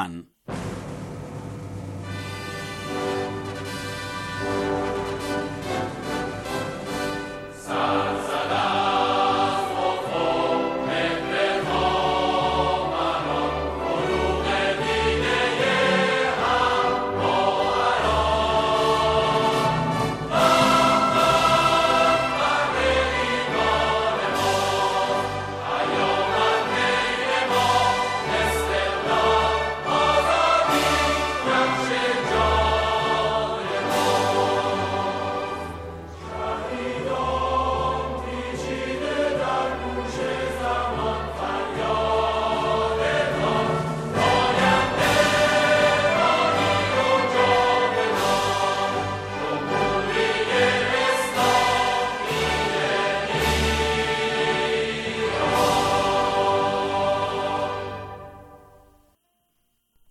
Iran.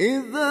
إذا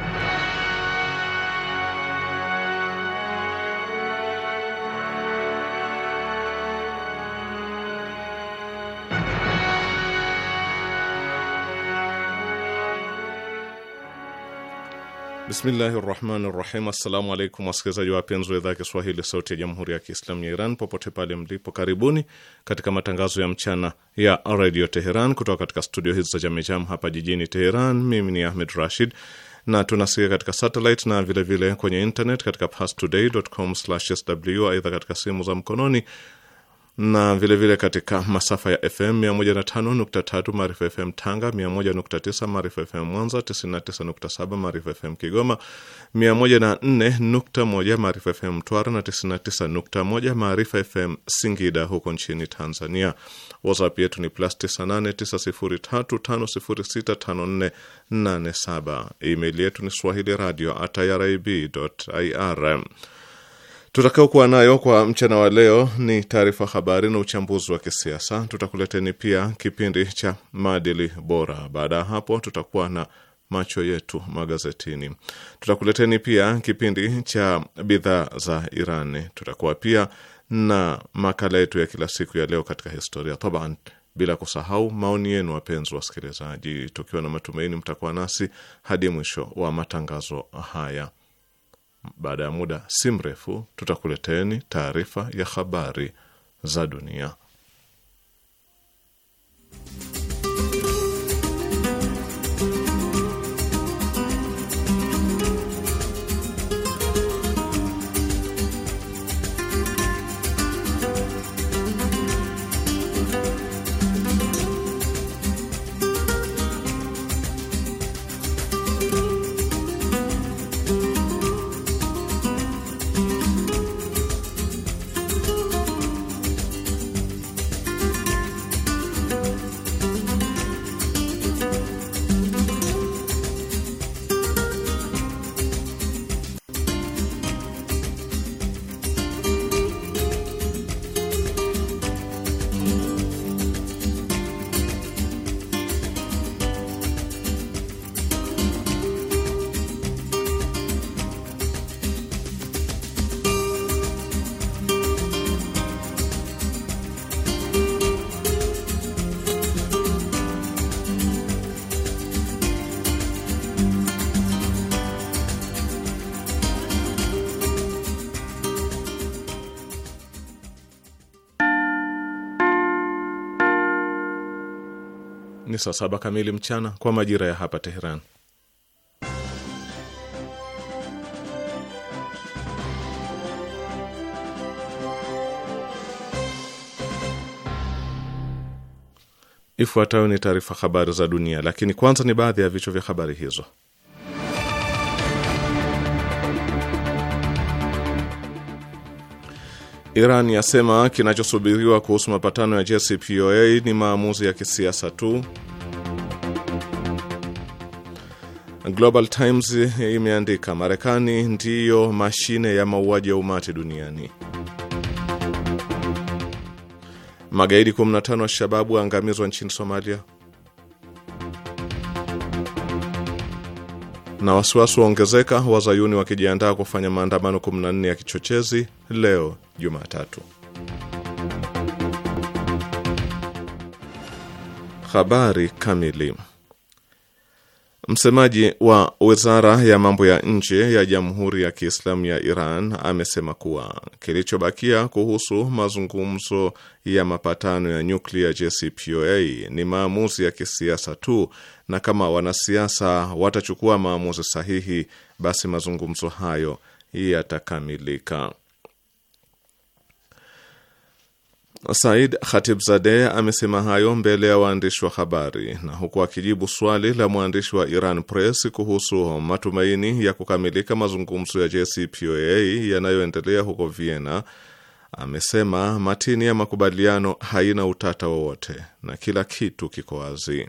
Bismillahi rahmani rahim. Assalamu alaikum wasikilizaji wapenzi wa idhaa ya Kiswahili sauti ya jamhuri ya Kiislamu ya Iran popote pale mlipo, karibuni katika matangazo ya mchana ya redio Teheran kutoka katika studio hizi za Jamejam hapa jijini Teheran. Mimi ni Ahmed Rashid na tunasikia katika satellite na vilevile vile kwenye internet katika pastoday.com/sw. Aidha, katika simu za mkononi na vilevile vile katika masafa ya FM 105.3 Maarifa FM Tanga, 101.9 Maarifa FM Mwanza, 99.7 Maarifa FM Kigoma, 104.1 Maarifa FM Mtwara na 99.1 Maarifa FM Singida huko nchini Tanzania. WhatsApp yetu ni plus 989035065487. Email yetu ni swahili radio at irib.ir tutakaokuwa nayo kwa mchana wa leo ni taarifa habari na uchambuzi wa kisiasa. Tutakuleteni pia kipindi cha maadili bora. Baada ya hapo, tutakuwa na macho yetu magazetini. Tutakuleteni pia kipindi cha bidhaa za Iran. Tutakuwa pia na makala yetu ya kila siku ya leo katika historia Taban, bila kusahau maoni yenu, wapenzi wasikilizaji, tukiwa na matumaini mtakuwa nasi hadi mwisho wa matangazo haya. Baada ya muda si mrefu tutakuleteni taarifa ya habari za dunia. saa saba kamili mchana kwa majira ya hapa Teheran. Ifuatayo ni taarifa habari za dunia, lakini kwanza ni baadhi ya vichwa vya habari hizo. Iran yasema kinachosubiriwa kuhusu mapatano ya JCPOA ni maamuzi ya kisiasa tu. Global Times imeandika Marekani ndiyo mashine ya mauaji ya umati duniani. Magaidi 15 wa shababu waangamizwa nchini Somalia. Na wasiwasi waongezeka wazayuni wakijiandaa kufanya maandamano 14 ya kichochezi leo Jumatatu. Habari kamili Msemaji wa wizara ya mambo ya nje ya Jamhuri ya Kiislamu ya Iran amesema kuwa kilichobakia kuhusu mazungumzo ya mapatano ya nyuklia JCPOA ni maamuzi ya kisiasa tu, na kama wanasiasa watachukua maamuzi sahihi, basi mazungumzo hayo yatakamilika. Said zade amesema hayo mbele ya waandishi wa habari na huku akijibu swali la mwandishi wa Iran Press kuhusu matumaini ya kukamilika mazungumzo ya JCPOA yanayoendelea huko Vienna, amesema matini ya makubaliano haina utata wowote na kila kitu kiko wazi.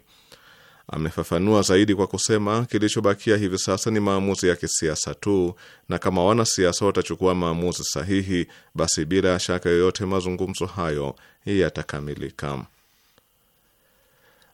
Amefafanua zaidi kwa kusema kilichobakia hivi sasa ni maamuzi ya kisiasa tu, na kama wanasiasa watachukua maamuzi sahihi, basi bila shaka yoyote mazungumzo hayo yatakamilika.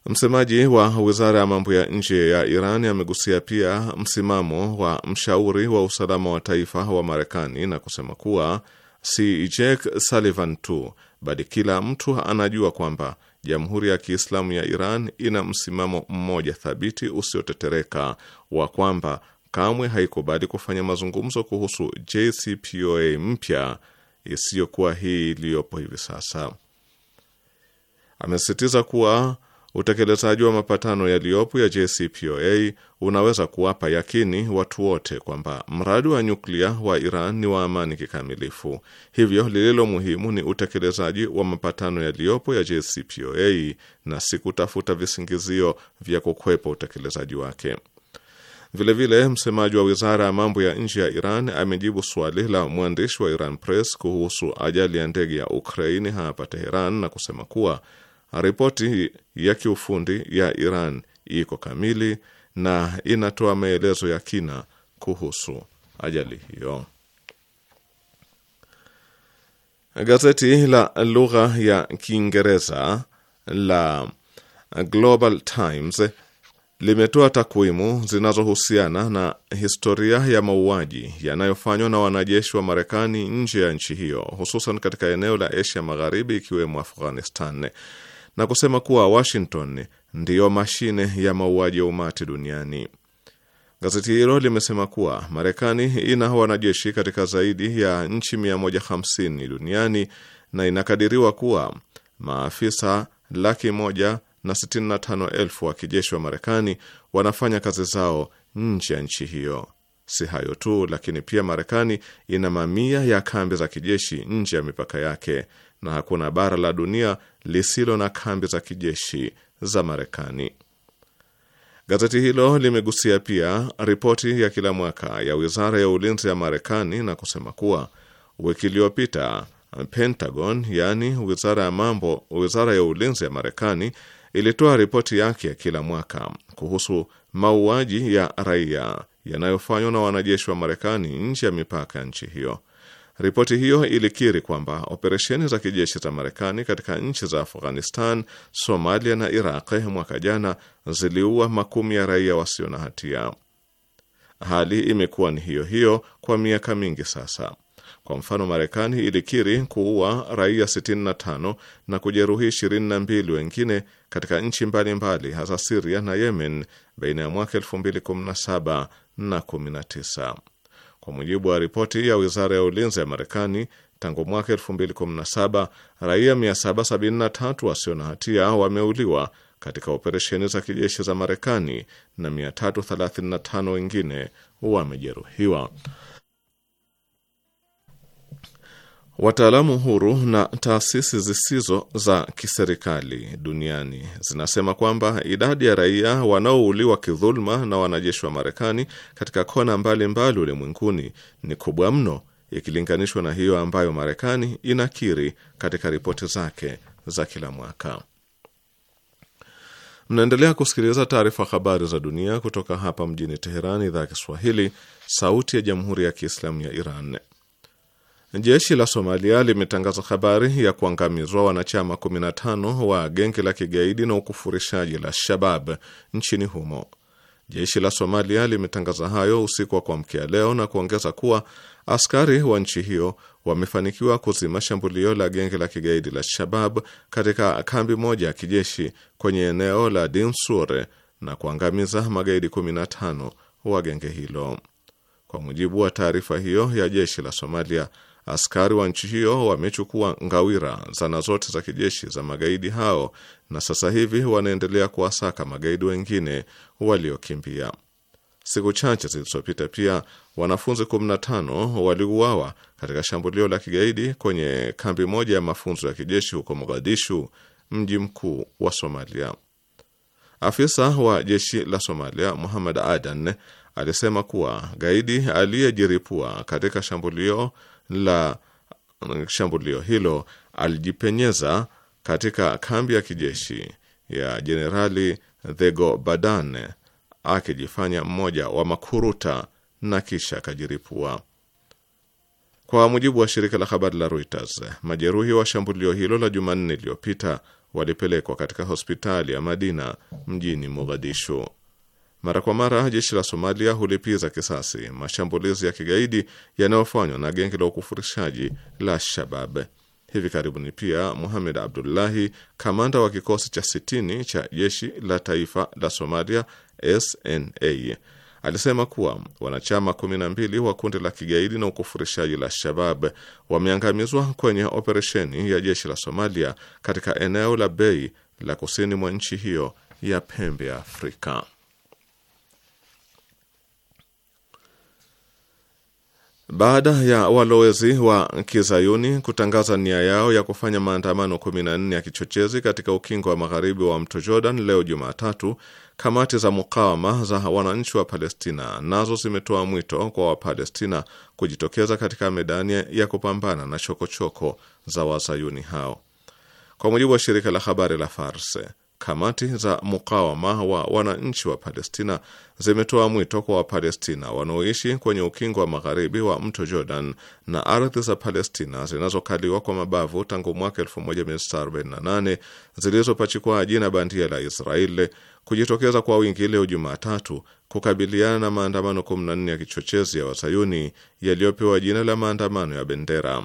Msemaji wa wizara ya mambo ya nje ya Iran amegusia pia msimamo wa mshauri wa usalama wa taifa wa Marekani na kusema kuwa si Jake Sullivan tu, bali kila mtu anajua kwamba Jamhuri ya Kiislamu ya Iran ina msimamo mmoja thabiti usiotetereka wa kwamba kamwe haikubali kufanya mazungumzo kuhusu JCPOA mpya isiyokuwa hii iliyopo hivi sasa. Amesisitiza kuwa Utekelezaji wa mapatano yaliyopo ya JCPOA unaweza kuwapa yakini watu wote kwamba mradi wa nyuklia wa Iran ni wa amani kikamilifu. Hivyo lililo muhimu ni utekelezaji wa mapatano yaliyopo ya JCPOA na si kutafuta visingizio vya kukwepa utekelezaji wake. Vilevile vile, msemaji wa wizara ya mambo ya nje ya Iran amejibu swali la mwandishi wa Iran Press kuhusu ajali ya ndege ya Ukraini hapa Teheran na kusema kuwa Ripoti ya kiufundi ya Iran iko kamili na inatoa maelezo ya kina kuhusu ajali hiyo. Gazeti la lugha ya Kiingereza la Global Times limetoa takwimu zinazohusiana na historia ya mauaji yanayofanywa na wanajeshi wa Marekani nje ya nchi hiyo, hususan katika eneo la Asia Magharibi, ikiwemo Afghanistan na kusema kuwa Washington ndiyo mashine ya mauaji ya umati duniani. Gazeti hilo limesema kuwa Marekani ina wanajeshi katika zaidi ya nchi 150 duniani na inakadiriwa kuwa maafisa laki moja na sitini na tano elfu wa kijeshi wa Marekani wanafanya kazi zao nje ya nchi hiyo. Si hayo tu, lakini pia Marekani ina mamia ya kambi za kijeshi nje ya mipaka yake na hakuna bara la dunia lisilo na kambi za kijeshi za Marekani. Gazeti hilo limegusia pia ripoti ya kila mwaka ya wizara ya ulinzi ya Marekani na kusema kuwa wiki iliyopita Pentagon, yaani wizara ya mambo, wizara ya ulinzi ya Marekani ilitoa ripoti yake ya kila mwaka kuhusu mauaji ya raia yanayofanywa na wanajeshi wa Marekani nje ya mipaka ya nchi hiyo. Ripoti hiyo ilikiri kwamba operesheni za kijeshi za Marekani katika nchi za Afghanistan, Somalia na Iraq mwaka jana ziliua makumi ya raia wasio na hatia. Hali imekuwa ni hiyo hiyo kwa miaka mingi sasa. Kwa mfano, Marekani ilikiri kuua raia 65 na kujeruhi 22 wengine katika nchi mbalimbali hasa Siria na Yemen baina ya mwaka 2017 na 19. Kwa mujibu wa ripoti ya wizara ya ulinzi ya Marekani, tangu mwaka 2017 raia 773 wasio na hatia wameuliwa katika operesheni za kijeshi za Marekani na 335 wengine wamejeruhiwa. Wataalamu huru na taasisi zisizo za kiserikali duniani zinasema kwamba idadi ya raia wanaouliwa kidhuluma na wanajeshi wa Marekani katika kona mbalimbali ulimwenguni ni kubwa mno ikilinganishwa na hiyo ambayo Marekani inakiri katika ripoti zake za kila mwaka. Mnaendelea kusikiliza taarifa habari za dunia kutoka hapa mjini Teherani, idhaa ya Kiswahili, sauti ya jamhuri ya kiislamu ya Iran. Jeshi la Somalia limetangaza habari ya kuangamizwa wanachama 15 wa genge la kigaidi na ukufurishaji la Shabab nchini humo. Jeshi la Somalia limetangaza hayo usiku wa kuamkia leo na kuongeza kuwa askari wa nchi hiyo wamefanikiwa kuzima shambulio la genge la kigaidi la Shabab katika kambi moja ya kijeshi kwenye eneo la Dinsure na kuangamiza magaidi 15 wa genge hilo, kwa mujibu wa taarifa hiyo ya jeshi la Somalia. Askari wa nchi hiyo wamechukua ngawira zana zote za kijeshi za magaidi hao na sasa hivi wanaendelea kuwasaka magaidi wengine waliokimbia. Siku chache zilizopita pia wanafunzi 15 waliuawa katika shambulio la kigaidi kwenye kambi moja ya mafunzo ya kijeshi huko Mogadishu, mji mkuu wa Somalia. Afisa wa jeshi la Somalia Muhammad Adan alisema kuwa gaidi aliyejiripua katika shambulio la mm, shambulio hilo alijipenyeza katika kambi ya kijeshi ya Jenerali thego Badan akijifanya mmoja wa makuruta na kisha akajiripua. Kwa mujibu wa shirika la habari la Reuters, majeruhi wa shambulio hilo la Jumanne iliyopita walipelekwa katika hospitali ya Madina mjini Mogadishu. Mara kwa mara jeshi la Somalia hulipiza kisasi mashambulizi ya kigaidi yanayofanywa na genge la ukufurishaji la Shabab. Hivi karibuni pia Muhamed Abdullahi, kamanda wa kikosi cha sitini cha jeshi la taifa la Somalia SNA, alisema kuwa wanachama 12 wa kundi la kigaidi na ukufurishaji la Shabab wameangamizwa kwenye operesheni ya jeshi la Somalia katika eneo la Bei la kusini mwa nchi hiyo ya pembe ya Afrika. Baada ya walowezi wa kizayuni kutangaza nia yao ya kufanya maandamano 14 ya kichochezi katika ukingo wa magharibi wa mto Jordan leo Jumatatu, kamati za mukawama za wananchi wa Palestina nazo zimetoa mwito kwa Wapalestina kujitokeza katika medani ya kupambana na chokochoko choko za wazayuni hao. Kwa mujibu wa shirika la habari la Farse, Kamati za mukawama wa wananchi wa Palestina zimetoa mwito kwa Wapalestina wanaoishi kwenye ukingo wa magharibi wa mto Jordan na ardhi za Palestina zinazokaliwa kwa mabavu tangu mwaka 1948 zilizopachikwa jina bandia la Israeli kujitokeza kwa wingi leo Jumatatu kukabiliana na maandamano 14 ya kichochezi ya Wasayuni yaliyopewa jina la maandamano ya bendera.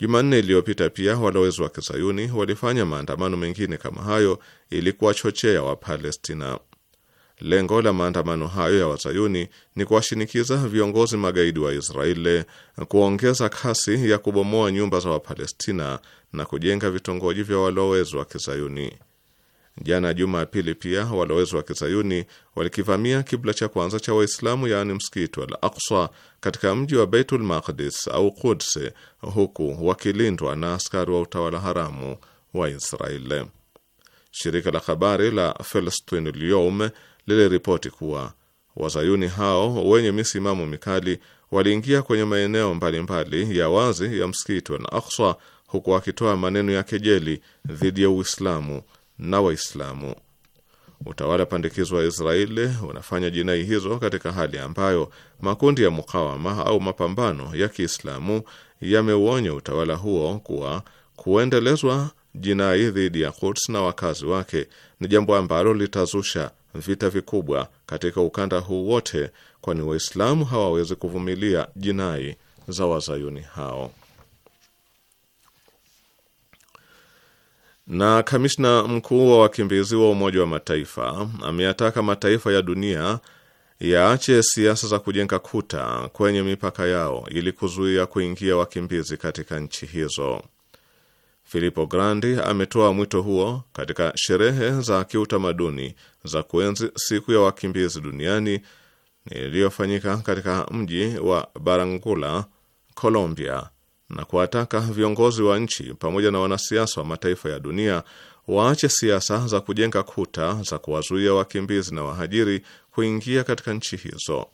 Jumanne iliyopita pia walowezi wa kizayuni walifanya maandamano mengine kama hayo ili kuwachochea Wapalestina. Lengo la maandamano hayo ya wazayuni ni kuwashinikiza viongozi magaidi wa Israeli kuongeza kasi ya kubomoa nyumba za Wapalestina na kujenga vitongoji vya walowezi wa kizayuni. Jana Jumapili pia walowezi wa kizayuni walikivamia kibla cha kwanza cha Waislamu, yaani msikiti wa Al-Aqsa katika mji wa Baitul Maqdis au Quds, huku wakilindwa na askari wa utawala haramu wa Israeli. Shirika la habari la Palestine al liliripoti kuwa wazayuni hao wenye misimamo mikali waliingia kwenye maeneo mbalimbali ya wazi ya msikiti wa Al-Aqsa huku wakitoa maneno ya kejeli dhidi ya Uislamu na Waislamu. Utawala pandikizo wa Israeli unafanya jinai hizo katika hali ambayo makundi ya mukawama au mapambano ya Kiislamu yameuonya utawala huo kuwa kuendelezwa jinai dhidi ya Quds na wakazi wake ni jambo ambalo litazusha vita vikubwa katika ukanda huu wote, kwani Waislamu hawawezi kuvumilia jinai za wazayuni hao. Na kamishna mkuu wa wakimbizi wa Umoja wa Mataifa ameyataka mataifa ya dunia yaache siasa za kujenga kuta kwenye mipaka yao ili kuzuia kuingia wakimbizi katika nchi hizo. Filippo Grandi ametoa mwito huo katika sherehe za kiutamaduni za kuenzi siku ya wakimbizi duniani iliyofanyika katika mji wa Barangula, Colombia na kuwataka viongozi wa nchi pamoja na wanasiasa wa mataifa ya dunia waache siasa za kujenga kuta za kuwazuia wakimbizi na wahajiri kuingia katika nchi hizo.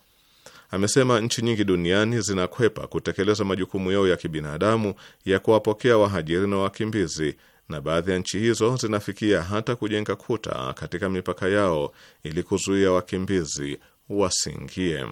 Amesema nchi nyingi duniani zinakwepa kutekeleza majukumu yao ya kibinadamu ya kuwapokea wahajiri na wakimbizi, na baadhi ya nchi hizo zinafikia hata kujenga kuta katika mipaka yao ili kuzuia wakimbizi wasiingie.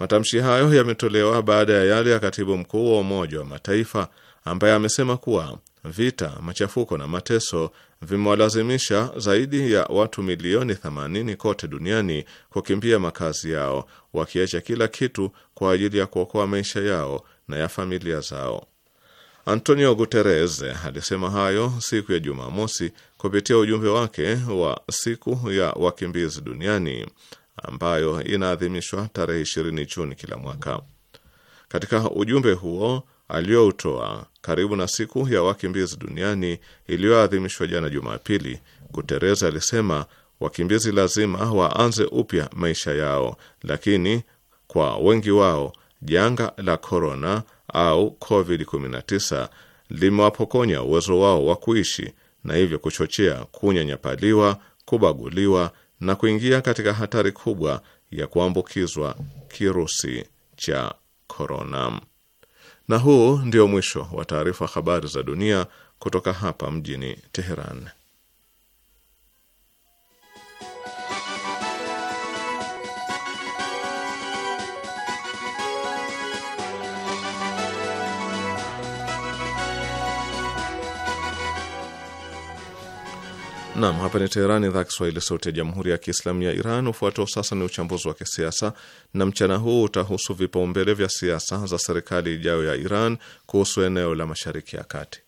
Matamshi hayo yametolewa baada ya yale ya katibu mkuu wa Umoja wa Mataifa ambaye amesema kuwa vita, machafuko na mateso vimewalazimisha zaidi ya watu milioni 80 kote duniani kukimbia makazi yao, wakiacha kila kitu kwa ajili ya kuokoa maisha yao na ya familia zao. Antonio Guterres alisema hayo siku ya Jumamosi kupitia ujumbe wake wa siku ya wakimbizi duniani ambayo inaadhimishwa tarehe 20 Juni kila mwaka. Katika ujumbe huo aliyoutoa karibu na siku ya wakimbizi duniani iliyoadhimishwa jana Jumapili, Guterres alisema wakimbizi lazima waanze upya maisha yao, lakini kwa wengi wao janga la korona au COVID-19 limewapokonya uwezo wao wa kuishi na hivyo kuchochea kunyanyapaliwa, kubaguliwa na kuingia katika hatari kubwa ya kuambukizwa kirusi cha korona. Na huu ndio mwisho wa taarifa habari za dunia kutoka hapa mjini Teheran. Nam, hapa ni Teherani, idhaa Kiswahili, sauti ya jamhuri ya kiislamu ya Iran. Ufuatao sasa ni uchambuzi wa kisiasa, na mchana huu utahusu vipaumbele vya siasa za serikali ijayo ya Iran kuhusu eneo la mashariki ya kati.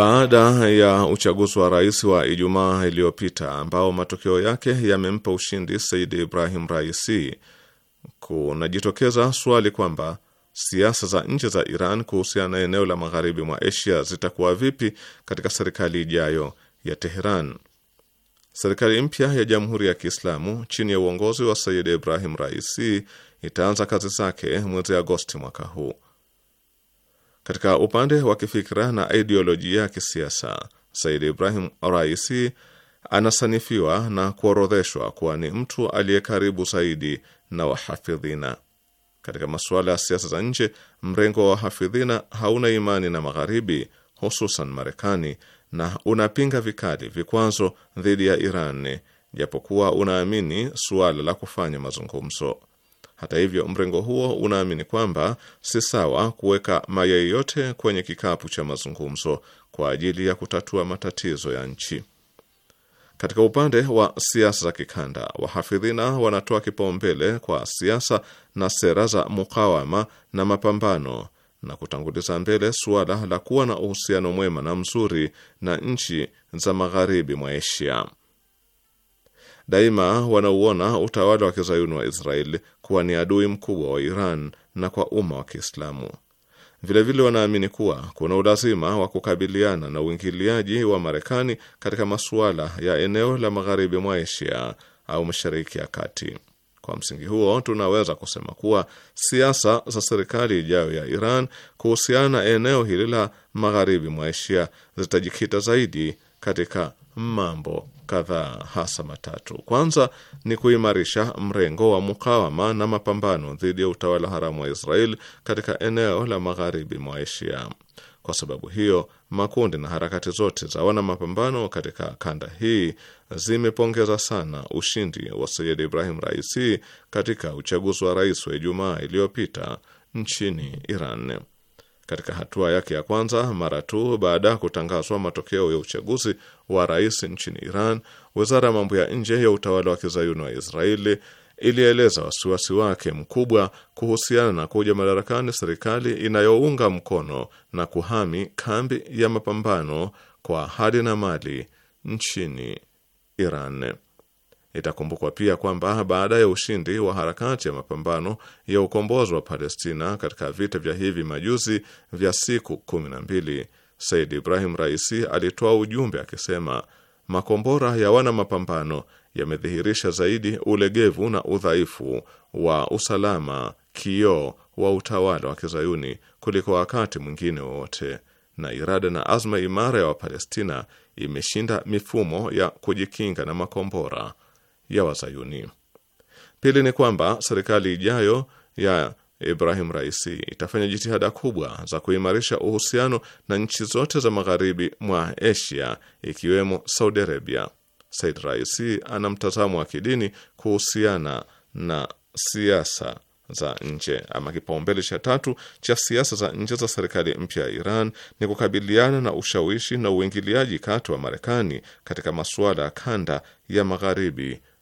baada ya uchaguzi wa rais wa Ijumaa iliyopita ambao matokeo yake yamempa ushindi Said Ibrahim Raisi, kunajitokeza swali kwamba siasa za nje za Iran kuhusiana na eneo la magharibi mwa Asia zitakuwa vipi katika serikali ijayo ya Teheran. Serikali mpya ya Jamhuri ya Kiislamu chini ya uongozi wa said Ibrahim Raisi itaanza kazi zake mwezi Agosti mwaka huu. Katika upande wa kifikra na ideolojia ya kisiasa, Said Ibrahim Raisi anasanifiwa na kuorodheshwa kuwa ni mtu aliye karibu zaidi na wahafidhina. Katika masuala ya siasa za nje, mrengo wa wahafidhina hauna imani na Magharibi, hususan Marekani, na unapinga vikali vikwazo dhidi ya Iran, japokuwa unaamini suala la kufanya mazungumzo. Hata hivyo, mrengo huo unaamini kwamba si sawa kuweka mayai yote kwenye kikapu cha mazungumzo kwa ajili ya kutatua matatizo ya nchi. Katika upande wa siasa za kikanda, wahafidhina wanatoa kipaumbele kwa siasa na sera za mukawama na mapambano na kutanguliza mbele suala la kuwa na uhusiano mwema na mzuri na nchi za magharibi mwa Asia daima wanauona utawala wa kizayuni wa Israeli kuwa ni adui mkubwa wa Iran na kwa umma wa Kiislamu. Vilevile wanaamini kuwa kuna ulazima wa kukabiliana na uingiliaji wa Marekani katika masuala ya eneo la magharibi mwa Asia au mashariki ya kati. Kwa msingi huo, tunaweza kusema kuwa siasa za serikali ijayo ya Iran kuhusiana na eneo hili la magharibi mwa Asia zitajikita zaidi katika mambo kadhaa hasa matatu. Kwanza ni kuimarisha mrengo wa mukawama na mapambano dhidi ya utawala haramu wa Israeli katika eneo la magharibi mwa Asia. Kwa sababu hiyo, makundi na harakati zote za wana mapambano katika kanda hii zimepongeza sana ushindi wa Sayyid Ibrahim Raisi katika uchaguzi wa rais wa Ijumaa iliyopita nchini Iran katika hatua yake ya kwanza mara tu baada ya kutangazwa matokeo ya uchaguzi wa rais nchini Iran, wizara ya mambo ya nje ya utawala wa kizayuni wa Israeli ilieleza wasiwasi wake mkubwa kuhusiana na kuja madarakani serikali inayounga mkono na kuhami kambi ya mapambano kwa hali na mali nchini Iran. Itakumbukwa pia kwamba baada ya ushindi wa harakati ya mapambano ya ukombozi wa Palestina katika vita vya hivi majuzi vya siku kumi na mbili, Said Ibrahim Raisi alitoa ujumbe akisema, makombora ya wana mapambano yamedhihirisha zaidi ulegevu na udhaifu wa usalama kioo wa utawala wa kizayuni kuliko wakati mwingine wowote, na irada na azma imara ya Wapalestina imeshinda mifumo ya kujikinga na makombora ya Wazayuni. Pili ni kwamba serikali ijayo ya Ibrahim Raisi itafanya jitihada kubwa za kuimarisha uhusiano na nchi zote za magharibi mwa Asia ikiwemo Saudi Arabia. Said Raisi ana mtazamo wa kidini kuhusiana na siasa za nje. Ama kipaumbele cha tatu cha siasa za nje za serikali mpya ya Iran ni kukabiliana na ushawishi na uingiliaji kati wa Marekani katika masuala ya kanda ya magharibi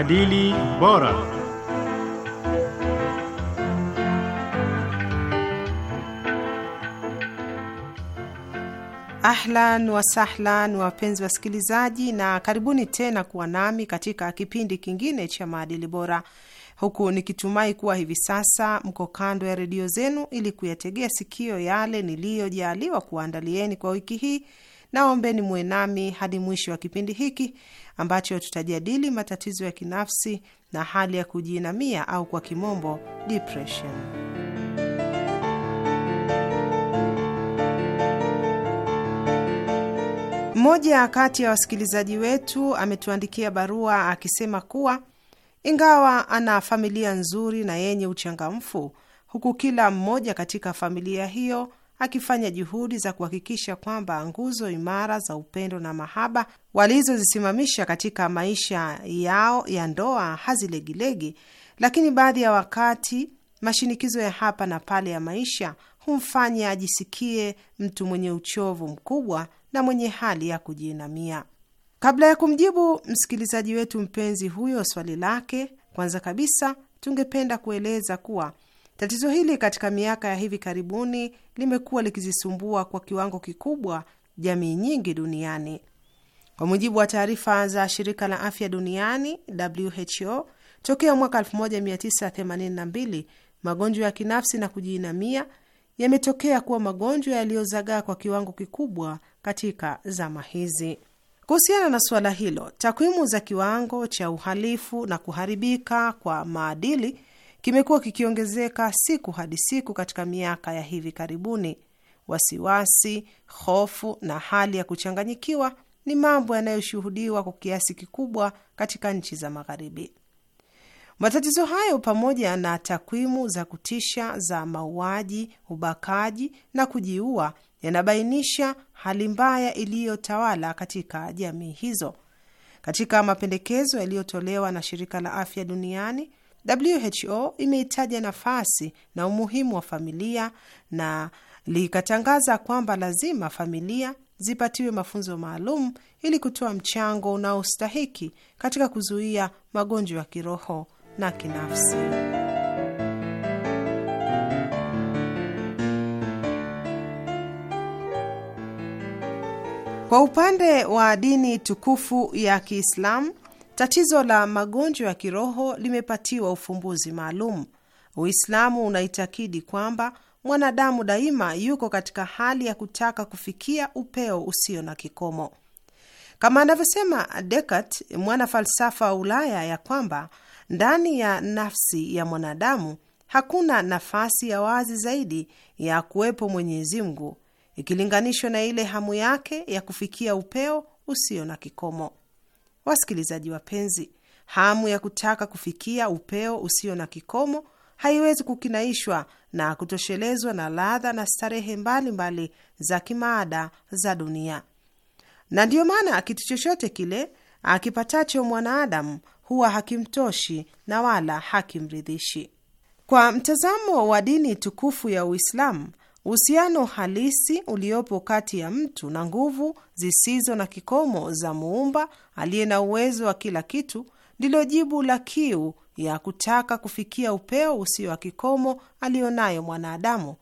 Maadili Bora. Ahlan wasahlan, wapenzi wasikilizaji, na karibuni tena kuwa nami katika kipindi kingine cha maadili bora, huku nikitumai kuwa hivi sasa mko kando ya redio zenu ili kuyategea sikio yale niliyojaaliwa kuwaandalieni kwa wiki hii. Naombeni muwe nami hadi mwisho wa kipindi hiki ambacho tutajadili matatizo ya kinafsi na hali ya kujiinamia au kwa kimombo depression. Mmoja kati ya wasikilizaji wetu ametuandikia barua akisema kuwa ingawa ana familia nzuri na yenye uchangamfu, huku kila mmoja katika familia hiyo akifanya juhudi za kuhakikisha kwamba nguzo imara za upendo na mahaba walizozisimamisha katika maisha yao ya ndoa hazilegilegi, lakini baadhi ya wakati mashinikizo ya hapa na pale ya maisha humfanya ajisikie mtu mwenye uchovu mkubwa na mwenye hali ya kujiinamia. Kabla ya kumjibu msikilizaji wetu mpenzi huyo swali lake, kwanza kabisa tungependa kueleza kuwa Tatizo hili katika miaka ya hivi karibuni limekuwa likizisumbua kwa kiwango kikubwa jamii nyingi duniani. Kwa mujibu wa taarifa za shirika la afya duniani WHO, tokea mwaka 1982 magonjwa ya kinafsi na kujiinamia yametokea kuwa magonjwa yaliyozagaa kwa kiwango kikubwa katika zama hizi. Kuhusiana na suala hilo, takwimu za kiwango cha uhalifu na kuharibika kwa maadili kimekuwa kikiongezeka siku hadi siku katika miaka ya hivi karibuni. Wasiwasi, hofu na hali ya kuchanganyikiwa ni mambo yanayoshuhudiwa kwa kiasi kikubwa katika nchi za Magharibi. Matatizo hayo pamoja na takwimu za kutisha za mauaji, ubakaji na kujiua yanabainisha hali mbaya iliyotawala katika jamii hizo. Katika mapendekezo yaliyotolewa na Shirika la Afya Duniani, WHO imeitaja nafasi na umuhimu wa familia na likatangaza kwamba lazima familia zipatiwe mafunzo maalum ili kutoa mchango unaostahiki katika kuzuia magonjwa ya kiroho na kinafsi. Kwa upande wa dini tukufu ya Kiislamu Tatizo la magonjwa ya kiroho limepatiwa ufumbuzi maalum. Uislamu unaitakidi kwamba mwanadamu daima yuko katika hali ya kutaka kufikia upeo usio na kikomo, kama anavyosema Descartes, mwana falsafa wa Ulaya, ya kwamba ndani ya nafsi ya mwanadamu hakuna nafasi ya wazi zaidi ya kuwepo Mwenyezi Mungu ikilinganishwa na ile hamu yake ya kufikia upeo usio na kikomo. Wasikilizaji wapenzi, hamu ya kutaka kufikia upeo usio na kikomo haiwezi kukinaishwa na kutoshelezwa na ladha na starehe mbalimbali mbali za kimaada za dunia, na ndiyo maana kitu chochote kile akipatacho mwanaadamu huwa hakimtoshi na wala hakimridhishi. Kwa mtazamo wa dini tukufu ya Uislamu, Uhusiano halisi uliopo kati ya mtu na nguvu zisizo na kikomo za muumba aliye na uwezo wa kila kitu ndilo jibu la kiu ya kutaka kufikia upeo usio wa kikomo aliyonayo mwanadamu,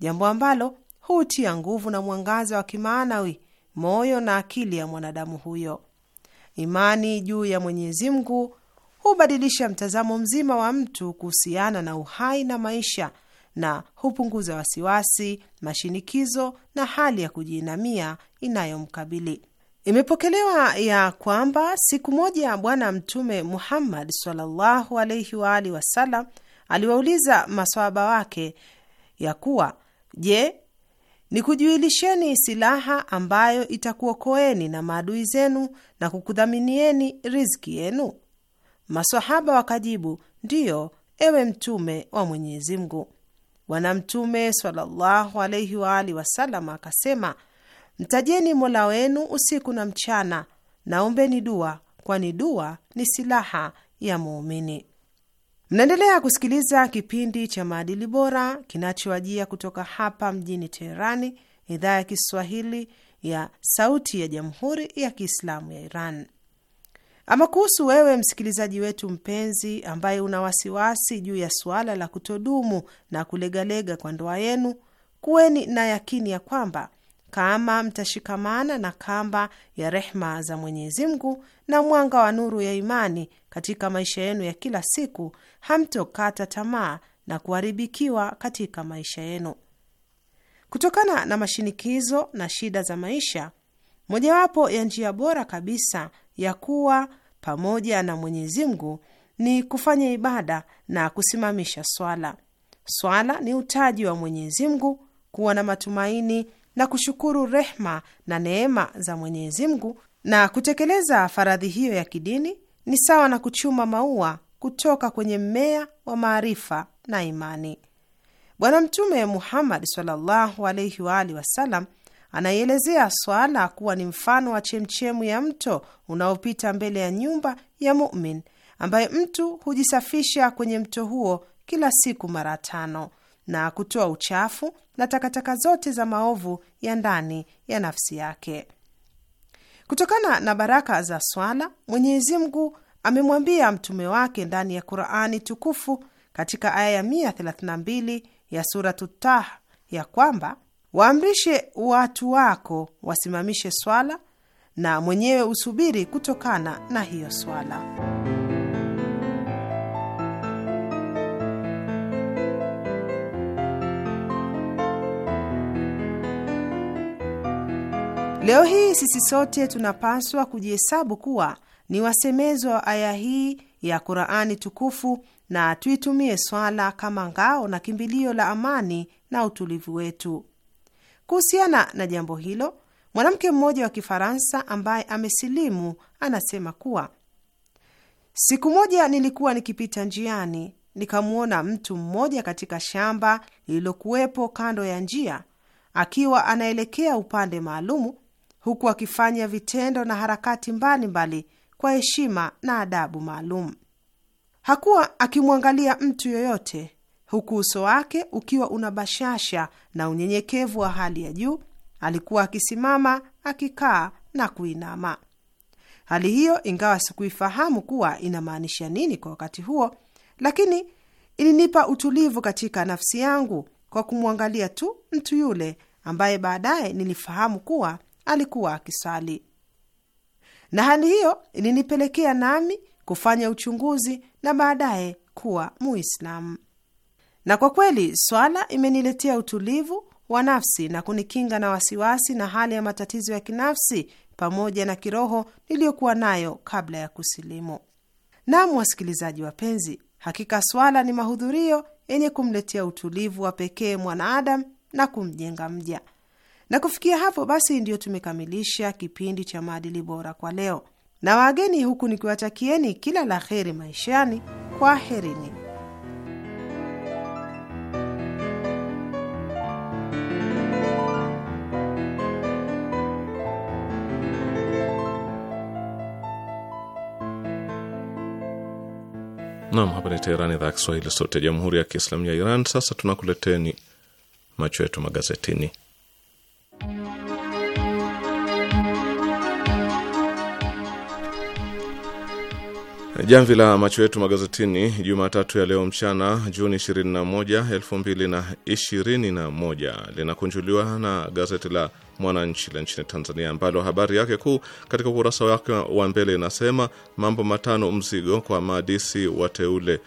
jambo ambalo huutia nguvu na mwangaza wa kimaanawi moyo na akili ya mwanadamu huyo. Imani juu ya Mwenyezi Mungu hubadilisha mtazamo mzima wa mtu kuhusiana na uhai na maisha na hupunguza wasiwasi, mashinikizo na hali ya kujiinamia inayomkabili. Imepokelewa ya kwamba siku moja Bwana Mtume Muhammad sallallahu alaihi wa alihi wasallam aliwauliza maswahaba wake ya kuwa, je, nikujuilisheni silaha ambayo itakuokoeni na maadui zenu na kukudhaminieni riziki yenu? Maswahaba wakajibu, ndiyo, ewe Mtume wa Mwenyezi Mungu. Bwana Mtume sallallahu alaihi wasallam akasema, mtajeni mola wenu usiku na mchana, naombeni dua, kwani dua ni silaha ya muumini. Mnaendelea kusikiliza kipindi cha maadili bora kinachoajia kutoka hapa mjini Teherani, idhaa ya Kiswahili ya Sauti ya Jamhuri ya Kiislamu ya Iran. Ama kuhusu wewe msikilizaji wetu mpenzi, ambaye una wasiwasi juu ya suala la kutodumu na kulegalega kwa ndoa yenu, kuweni na yakini ya kwamba kama mtashikamana na kamba ya rehma za Mwenyezi Mungu na mwanga wa nuru ya imani katika maisha yenu ya kila siku, hamtokata tamaa na kuharibikiwa katika maisha yenu. Kutokana na mashinikizo na shida za maisha, mojawapo ya njia bora kabisa ya kuwa pamoja na Mwenyezi Mungu ni kufanya ibada na kusimamisha swala. Swala ni utaji wa Mwenyezi Mungu, kuwa na matumaini na kushukuru rehma na neema za Mwenyezi Mungu, na kutekeleza faradhi hiyo ya kidini ni sawa na kuchuma maua kutoka kwenye mmea wa maarifa na imani. Bwana Mtume Muhammad sallallahu alaihi waalihi alihi wa Anaielezea swala kuwa ni mfano wa chemchemu ya mto unaopita mbele ya nyumba ya mumin, ambaye mtu hujisafisha kwenye mto huo kila siku mara tano na kutoa uchafu na takataka zote za maovu ya ndani ya nafsi yake. Kutokana na baraka za swala, Mwenyezi Mungu amemwambia mtume wake ndani ya Qurani tukufu katika aya ya 132 ya Suratu ya kwamba Waamrishe watu wako wasimamishe swala na mwenyewe usubiri kutokana na hiyo swala. Leo hii sisi sote tunapaswa kujihesabu kuwa ni wasemezwa wa aya hii ya Qur'ani tukufu na tuitumie swala kama ngao na kimbilio la amani na utulivu wetu. Kuhusiana na jambo hilo, mwanamke mmoja wa Kifaransa ambaye amesilimu anasema kuwa siku moja nilikuwa nikipita njiani nikamwona mtu mmoja katika shamba lililokuwepo kando ya njia akiwa anaelekea upande maalumu huku akifanya vitendo na harakati mbalimbali mbali kwa heshima na adabu maalum. Hakuwa akimwangalia mtu yoyote huku uso wake ukiwa una bashasha na unyenyekevu wa hali ya juu. Alikuwa akisimama, akikaa na kuinama. Hali hiyo, ingawa sikuifahamu kuwa inamaanisha nini kwa wakati huo, lakini ilinipa utulivu katika nafsi yangu kwa kumwangalia tu mtu yule ambaye baadaye nilifahamu kuwa alikuwa akisali, na hali hiyo ilinipelekea nami kufanya uchunguzi na baadaye kuwa Muislamu na kwa kweli swala imeniletea utulivu wa nafsi na kunikinga na wasiwasi na hali ya matatizo ya kinafsi pamoja na kiroho niliyokuwa nayo kabla ya kusilimu. Naam, wasikilizaji wapenzi, hakika swala ni mahudhurio yenye kumletea utulivu wa pekee mwanaadamu na kumjenga mja. Na kufikia hapo basi, ndiyo tumekamilisha kipindi cha maadili bora kwa leo na wageni, huku nikiwatakieni kila la heri maishani. Kwaherini. Nam, hapa ni Teherani, idhaa ya Kiswahili, sauti ya jamhuri ya kiislamu ya Iran. Sasa tunakuleteni macho yetu magazetini. Jamvi la macho yetu magazetini Jumatatu ya leo mchana Juni 21, 2021 linakunjuliwa na gazeti la Mwananchi la nchini Tanzania, ambalo habari yake kuu katika ukurasa wake wa mbele inasema mambo matano mzigo kwa maadisi wateule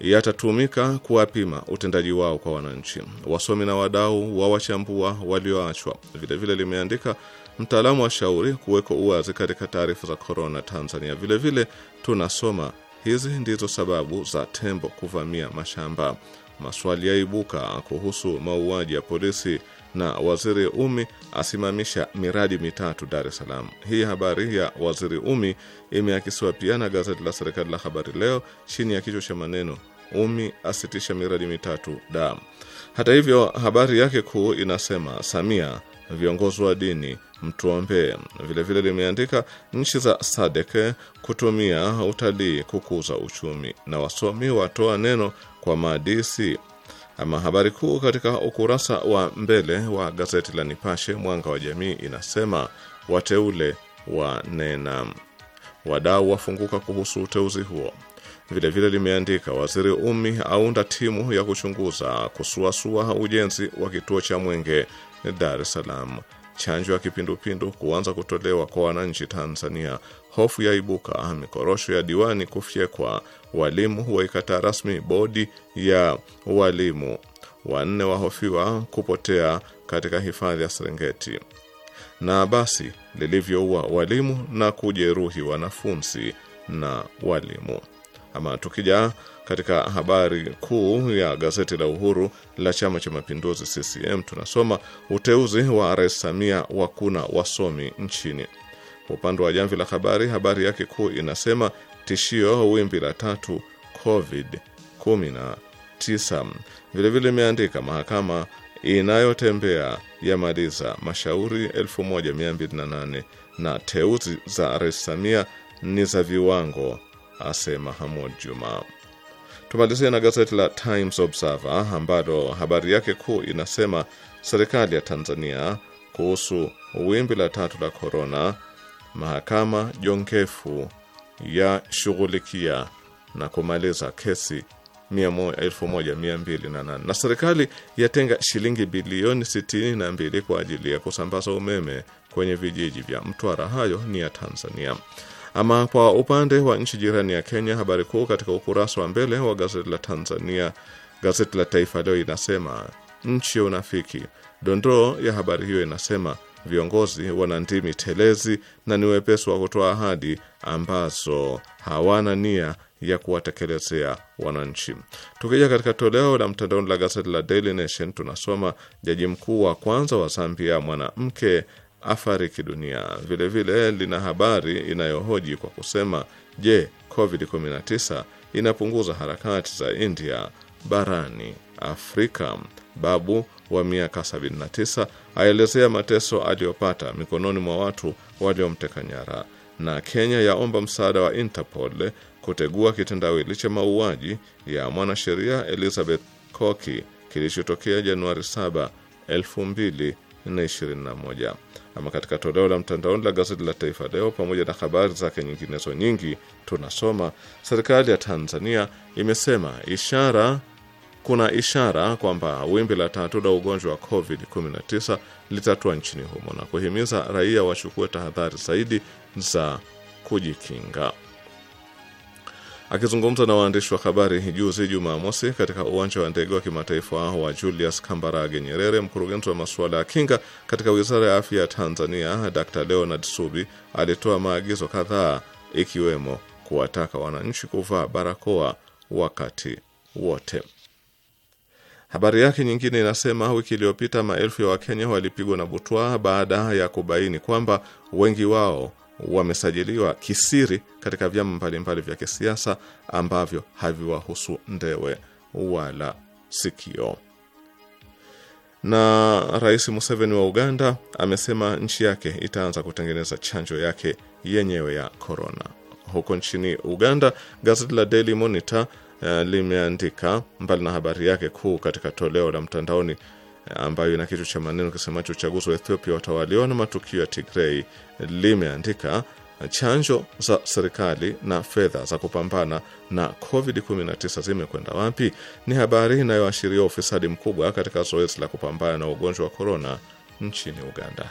yatatumika kuwapima utendaji wao kwa wananchi. Wasomi na wadau wa wachambua walioachwa. Vilevile limeandika mtaalamu wa shauri kuwekwa uwazi katika taarifa za korona Tanzania. Vilevile tunasoma hizi ndizo sababu za tembo kuvamia mashamba, maswali yaibuka kuhusu mauaji ya polisi na waziri Umi asimamisha miradi mitatu Dar es Salaam. Hii habari ya waziri Umi imeakisiwa pia na gazeti la serikali la Habari Leo chini ya kichwa cha maneno Umi asitisha miradi mitatu da Hata hivyo, habari yake kuu inasema Samia, viongozi wa dini mtuombee. Vilevile limeandika nchi za Sadek kutumia utalii kukuza uchumi, na wasomi watoa neno kwa maadisi ama habari kuu katika ukurasa wa mbele wa gazeti la Nipashe mwanga wa jamii inasema wateule wa nena wadau wafunguka kuhusu uteuzi huo. Vile vile limeandika waziri Umi aunda timu ya kuchunguza kusuasua ujenzi wa kituo cha Mwenge Dar es Salaam. Chanjo ya kipindupindu kuanza kutolewa kwa wananchi Tanzania. Hofu ya ibuka, mikorosho ya diwani kufyekwa Walimu waikataa rasmi bodi ya walimu. Wanne wahofiwa kupotea katika hifadhi ya Serengeti. Na basi lilivyoua walimu na kujeruhi wanafunzi na walimu. Ama tukija katika habari kuu ya gazeti la Uhuru la Chama cha Mapinduzi CCM tunasoma uteuzi wa Rais Samia wakuna wasomi nchini. Upande wa jamvi la habari, habari yake kuu inasema tishio wimbi la tatu COVID-19. Vilevile imeandika mahakama inayotembea yamaliza mashauri 1208 na teuzi za Rais Samia ni za viwango, asema Hamud Juma. Tumalizie na gazeti la Times Observer ambalo habari yake kuu inasema serikali ya Tanzania kuhusu wimbi la tatu la korona, mahakama jongefu yashughulikia na kumaliza kesi 1208 na, na serikali yatenga shilingi bilioni 62 kwa ajili ya kusambaza umeme kwenye vijiji vya Mtwara. Hayo ni ya Tanzania. Ama kwa upande wa nchi jirani ya Kenya, habari kuu katika ukurasa wa mbele wa gazeti la Tanzania, gazeti la Taifa Leo inasema nchi ya unafiki. Dondoo ya habari hiyo inasema Viongozi wana ndimi telezi na ni wepesi wa kutoa ahadi ambazo hawana nia ya kuwatekelezea wananchi. Tukija katika toleo la mtandaoni la gazeti la Daily Nation tunasoma jaji mkuu wa kwanza wa Zambia mwanamke afariki dunia. Vilevile lina habari inayohoji kwa kusema, je, COVID-19 inapunguza harakati za India barani Afrika? Babu wa miaka 79 aelezea mateso aliyopata mikononi mwa watu waliomteka nyara, na Kenya yaomba msaada wa Interpol kutegua kitendawili cha mauaji ya mwanasheria Elizabeth Koki kilichotokea Januari 7, 2021. Ama katika toleo la mtandaoni la gazeti la Taifa Leo, pamoja na habari zake nyinginezo nyingi, tunasoma serikali ya Tanzania imesema ishara kuna ishara kwamba wimbi la tatu la ugonjwa wa COVID-19 litatua nchini humo na kuhimiza raia wachukue tahadhari zaidi za kujikinga. Akizungumza na waandishi wa habari juzi Jumamosi katika uwanja wa ndege wa kimataifa wa Julius Kambarage Nyerere, mkurugenzi wa masuala ya kinga katika wizara ya afya ya Tanzania, Dr Leonard Subi alitoa maagizo kadhaa, ikiwemo kuwataka wananchi kuvaa barakoa wakati wote. Habari yake nyingine inasema wiki iliyopita maelfu ya Wakenya walipigwa na butwaa baada ya kubaini kwamba wengi wao wamesajiliwa kisiri katika vyama mbalimbali vya kisiasa ambavyo haviwahusu ndewe wala sikio. Na Rais Museveni wa Uganda amesema nchi yake itaanza kutengeneza chanjo yake yenyewe ya korona. Huko nchini Uganda, gazeti la Daily Monitor Eh, limeandika mbali na habari yake kuu katika toleo la mtandaoni eh, ambayo ina kichwa cha maneno kisemacho uchaguzi wa Ethiopia watawaliwa na matukio ya Tigrei, limeandika chanjo za serikali na fedha za kupambana na COVID-19 zimekwenda wapi? Ni habari inayoashiria ufisadi mkubwa katika zoezi la kupambana na ugonjwa wa korona nchini Uganda.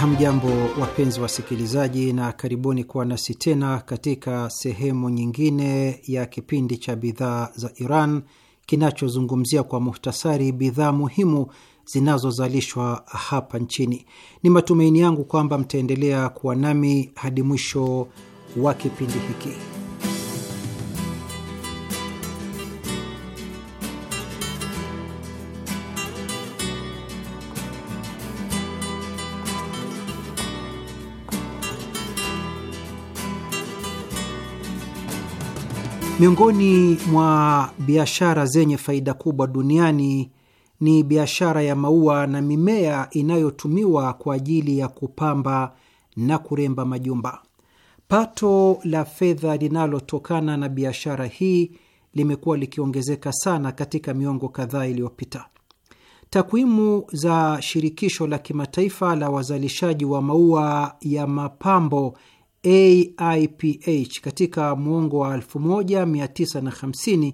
Hamjambo, wapenzi wasikilizaji, na karibuni kuwa nasi tena katika sehemu nyingine ya kipindi cha bidhaa za Iran kinachozungumzia kwa muhtasari bidhaa muhimu zinazozalishwa hapa nchini. Ni matumaini yangu kwamba mtaendelea kuwa nami hadi mwisho wa kipindi hiki. Miongoni mwa biashara zenye faida kubwa duniani ni biashara ya maua na mimea inayotumiwa kwa ajili ya kupamba na kuremba majumba. Pato la fedha linalotokana na biashara hii limekuwa likiongezeka sana katika miongo kadhaa iliyopita. Takwimu za shirikisho la kimataifa la wazalishaji wa maua ya mapambo AIPH katika mwongo wa 1950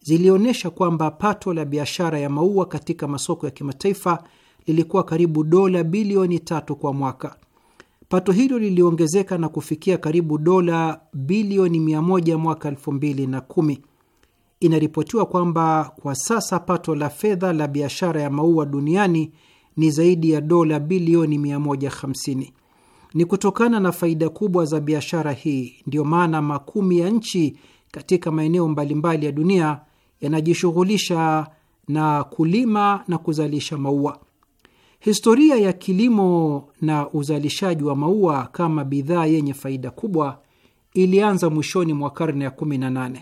zilionyesha kwamba pato la biashara ya maua katika masoko ya kimataifa lilikuwa karibu dola bilioni tatu kwa mwaka. Pato hilo liliongezeka na kufikia karibu dola bilioni 100 mwaka 2010. Inaripotiwa kwamba kwa sasa pato la fedha la biashara ya maua duniani ni zaidi ya dola bilioni 150. Ni kutokana na faida kubwa za biashara hii ndiyo maana makumi ya nchi katika maeneo mbalimbali ya dunia yanajishughulisha na kulima na kuzalisha maua. Historia ya kilimo na uzalishaji wa maua kama bidhaa yenye faida kubwa ilianza mwishoni mwa karne ya 18.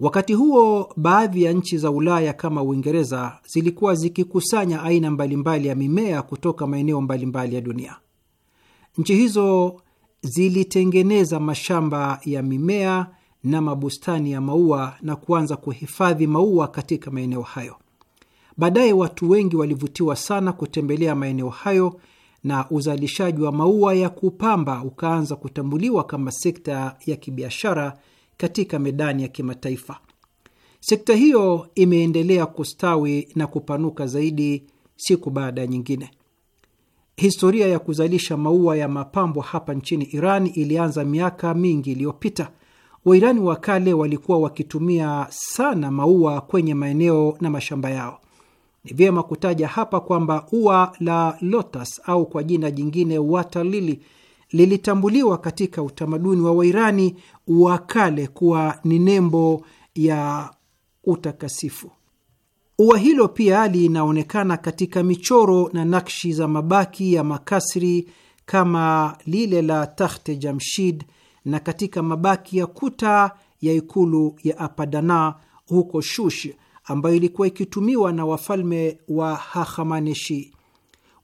Wakati huo baadhi ya nchi za Ulaya kama Uingereza zilikuwa zikikusanya aina mbalimbali ya mimea kutoka maeneo mbalimbali ya dunia. Nchi hizo zilitengeneza mashamba ya mimea na mabustani ya maua na kuanza kuhifadhi maua katika maeneo hayo. Baadaye watu wengi walivutiwa sana kutembelea maeneo hayo na uzalishaji wa maua ya kupamba ukaanza kutambuliwa kama sekta ya kibiashara katika medani ya kimataifa. Sekta hiyo imeendelea kustawi na kupanuka zaidi siku baada ya nyingine. Historia ya kuzalisha maua ya mapambo hapa nchini Iran ilianza miaka mingi iliyopita. Wairani wa kale walikuwa wakitumia sana maua kwenye maeneo na mashamba yao. Ni vyema kutaja hapa kwamba ua la lotus au kwa jina jingine water lily lilitambuliwa katika utamaduni wa Wairani wa kale kuwa ni nembo ya utakasifu. Ua hilo pia linaonekana katika michoro na nakshi za mabaki ya makasri kama lile la tahte Jamshid na katika mabaki ya kuta ya ikulu ya Apadana huko Shush ambayo ilikuwa ikitumiwa na wafalme wa Hahamaneshi.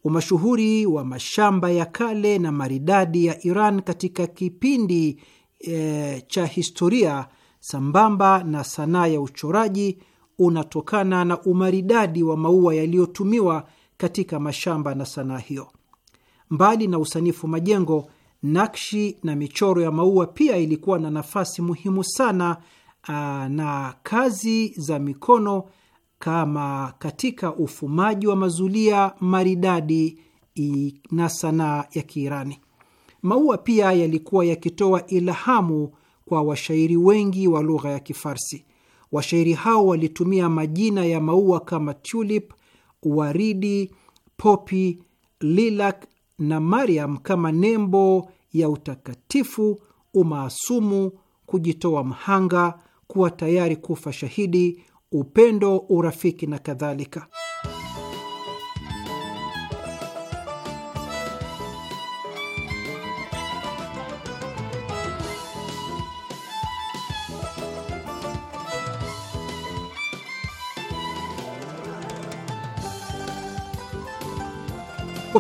Umashuhuri wa mashamba ya kale na maridadi ya Iran katika kipindi e, cha historia sambamba na sanaa ya uchoraji unatokana na umaridadi wa maua yaliyotumiwa katika mashamba na sanaa hiyo. Mbali na usanifu majengo, nakshi na michoro ya maua pia ilikuwa na nafasi muhimu sana aa, na kazi za mikono kama katika ufumaji wa mazulia maridadi na sanaa ya Kiirani. Maua pia yalikuwa yakitoa ilhamu kwa washairi wengi wa lugha ya Kifarsi. Washairi hao walitumia majina ya maua kama tulip, waridi, popi, lilac na Mariam kama nembo ya utakatifu, umaasumu, kujitoa mhanga, kuwa tayari kufa shahidi, upendo, urafiki na kadhalika.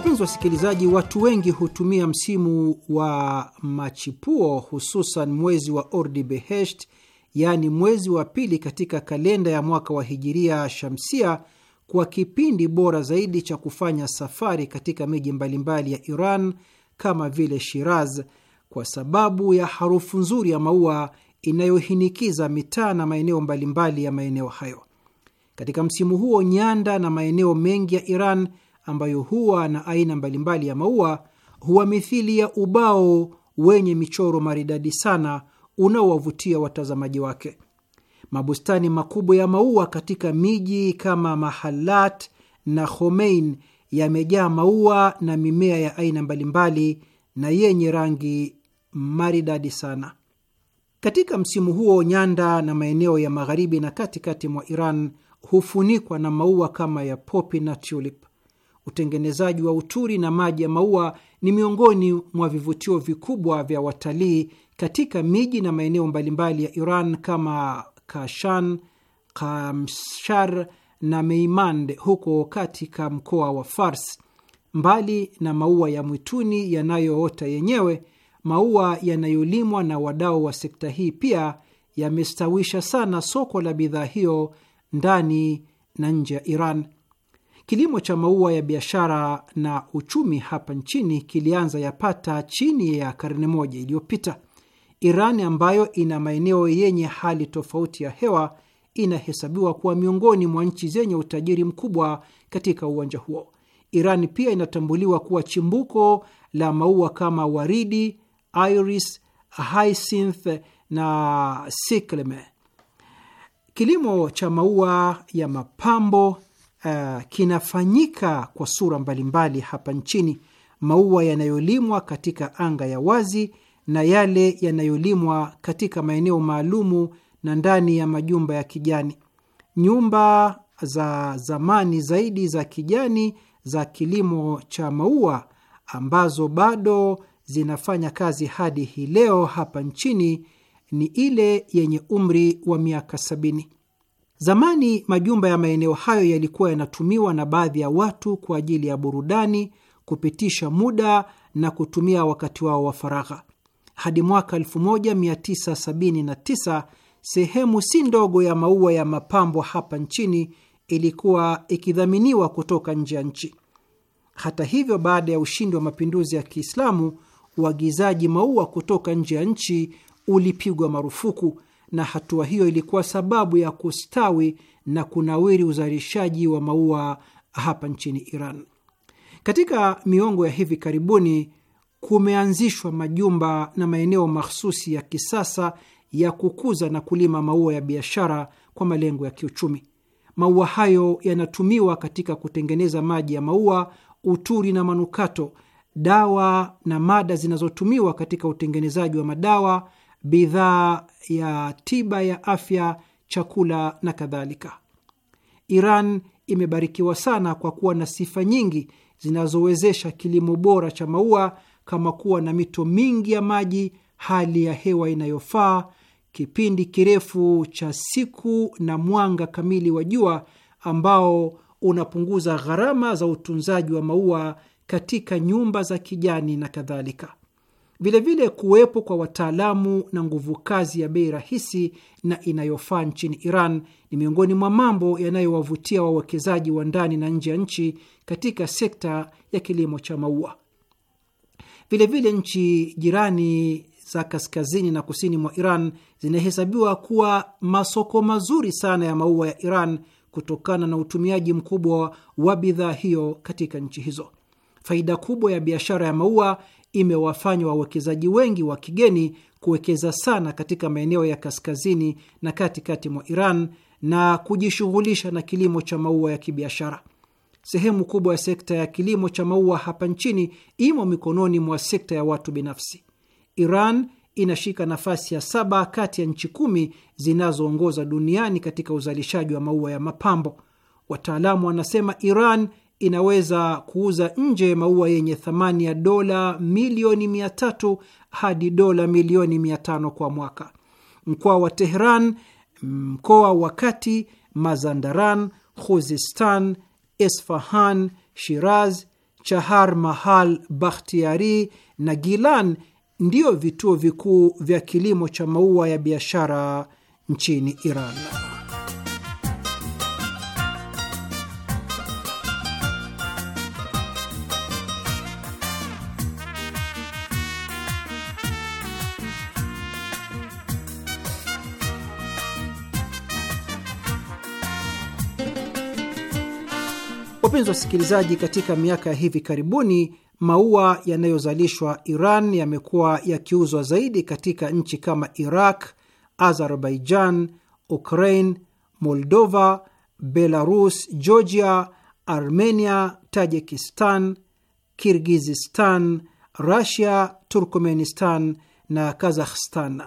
Wapenzi wasikilizaji, watu wengi hutumia msimu wa machipuo, hususan mwezi wa Ordibehesht, yaani mwezi wa pili katika kalenda ya mwaka wa Hijiria Shamsia, kwa kipindi bora zaidi cha kufanya safari katika miji mbalimbali ya Iran kama vile Shiraz, kwa sababu ya harufu nzuri ya maua inayohinikiza mitaa na maeneo mbalimbali ya maeneo hayo. Katika msimu huo, nyanda na maeneo mengi ya Iran ambayo huwa na aina mbalimbali ya maua huwa mithili ya ubao wenye michoro maridadi sana unaowavutia watazamaji wake. Mabustani makubwa ya maua katika miji kama Mahalat na Khomein yamejaa maua na mimea ya aina mbalimbali na yenye rangi maridadi sana. Katika msimu huo, nyanda na maeneo ya magharibi na katikati mwa Iran hufunikwa na maua kama ya popi na tulip utengenezaji wa uturi na maji ya maua ni miongoni mwa vivutio vikubwa vya watalii katika miji na maeneo mbalimbali ya Iran kama Kashan, Kamshar na Meimand huko katika mkoa wa Fars. Mbali na maua ya mwituni yanayoota yenyewe, maua yanayolimwa na wadau wa sekta hii pia yamestawisha sana soko la bidhaa hiyo ndani na nje ya Iran. Kilimo cha maua ya biashara na uchumi hapa nchini kilianza yapata chini ya karne moja iliyopita. Iran ambayo ina maeneo yenye hali tofauti ya hewa inahesabiwa kuwa miongoni mwa nchi zenye utajiri mkubwa katika uwanja huo. Iran pia inatambuliwa kuwa chimbuko la maua kama waridi, iris, hyacinth na sikleme. Kilimo cha maua ya mapambo uh, kinafanyika kwa sura mbalimbali hapa nchini: maua yanayolimwa katika anga ya wazi na yale yanayolimwa katika maeneo maalumu na ndani ya majumba ya kijani. Nyumba za zamani zaidi za kijani za kilimo cha maua ambazo bado zinafanya kazi hadi hii leo hapa nchini ni ile yenye umri wa miaka sabini. Zamani majumba ya maeneo hayo yalikuwa yanatumiwa na baadhi ya watu kwa ajili ya burudani, kupitisha muda na kutumia wakati wao wa faragha. Hadi mwaka 1979 sehemu si ndogo ya maua ya mapambo hapa nchini ilikuwa ikidhaminiwa kutoka nje ya nchi. Hata hivyo, baada ya ushindi wa mapinduzi ya Kiislamu, uagizaji maua kutoka nje ya nchi ulipigwa marufuku na hatua hiyo ilikuwa sababu ya kustawi na kunawiri uzalishaji wa maua hapa nchini Iran. Katika miongo ya hivi karibuni kumeanzishwa majumba na maeneo mahsusi ya kisasa ya kukuza na kulima maua ya biashara kwa malengo ya kiuchumi. Maua hayo yanatumiwa katika kutengeneza maji ya maua, uturi na manukato, dawa na mada zinazotumiwa katika utengenezaji wa madawa bidhaa ya tiba ya afya, chakula na kadhalika. Iran imebarikiwa sana kwa kuwa na sifa nyingi zinazowezesha kilimo bora cha maua kama kuwa na mito mingi ya maji, hali ya hewa inayofaa, kipindi kirefu cha siku na mwanga kamili wa jua ambao unapunguza gharama za utunzaji wa maua katika nyumba za kijani na kadhalika. Vilevile kuwepo kwa wataalamu na nguvu kazi ya bei rahisi na inayofaa nchini Iran ni miongoni mwa mambo yanayowavutia wawekezaji wa ndani na nje ya nchi katika sekta ya kilimo cha maua. Vilevile nchi jirani za kaskazini na kusini mwa Iran zinahesabiwa kuwa masoko mazuri sana ya maua ya Iran kutokana na utumiaji mkubwa wa bidhaa hiyo katika nchi hizo. Faida kubwa ya biashara ya maua imewafanywa wawekezaji wengi wa kigeni kuwekeza sana katika maeneo ya kaskazini na katikati mwa Iran na kujishughulisha na kilimo cha maua ya kibiashara. Sehemu kubwa ya sekta ya kilimo cha maua hapa nchini imo mikononi mwa sekta ya watu binafsi. Iran inashika nafasi ya saba kati ya nchi kumi zinazoongoza duniani katika uzalishaji wa maua ya mapambo. Wataalamu wanasema Iran inaweza kuuza nje maua yenye thamani ya dola milioni mia tatu hadi dola milioni mia tano kwa mwaka. Mkoa wa Tehran, mkoa wa Kati, Mazandaran, Khuzistan, Esfahan, Shiraz, Chahar Mahal, Bakhtiari na Gilan ndiyo vituo vikuu vya kilimo cha maua ya biashara nchini Iran. Wapenzi wasikilizaji, katika miaka ya hivi karibuni maua yanayozalishwa Iran yamekuwa yakiuzwa zaidi katika nchi kama Iraq, Azerbaijan, Ukraine, Moldova, Belarus, Georgia, Armenia, Tajikistan, Kirgizistan, Rusia, Turkmenistan na Kazakhstan.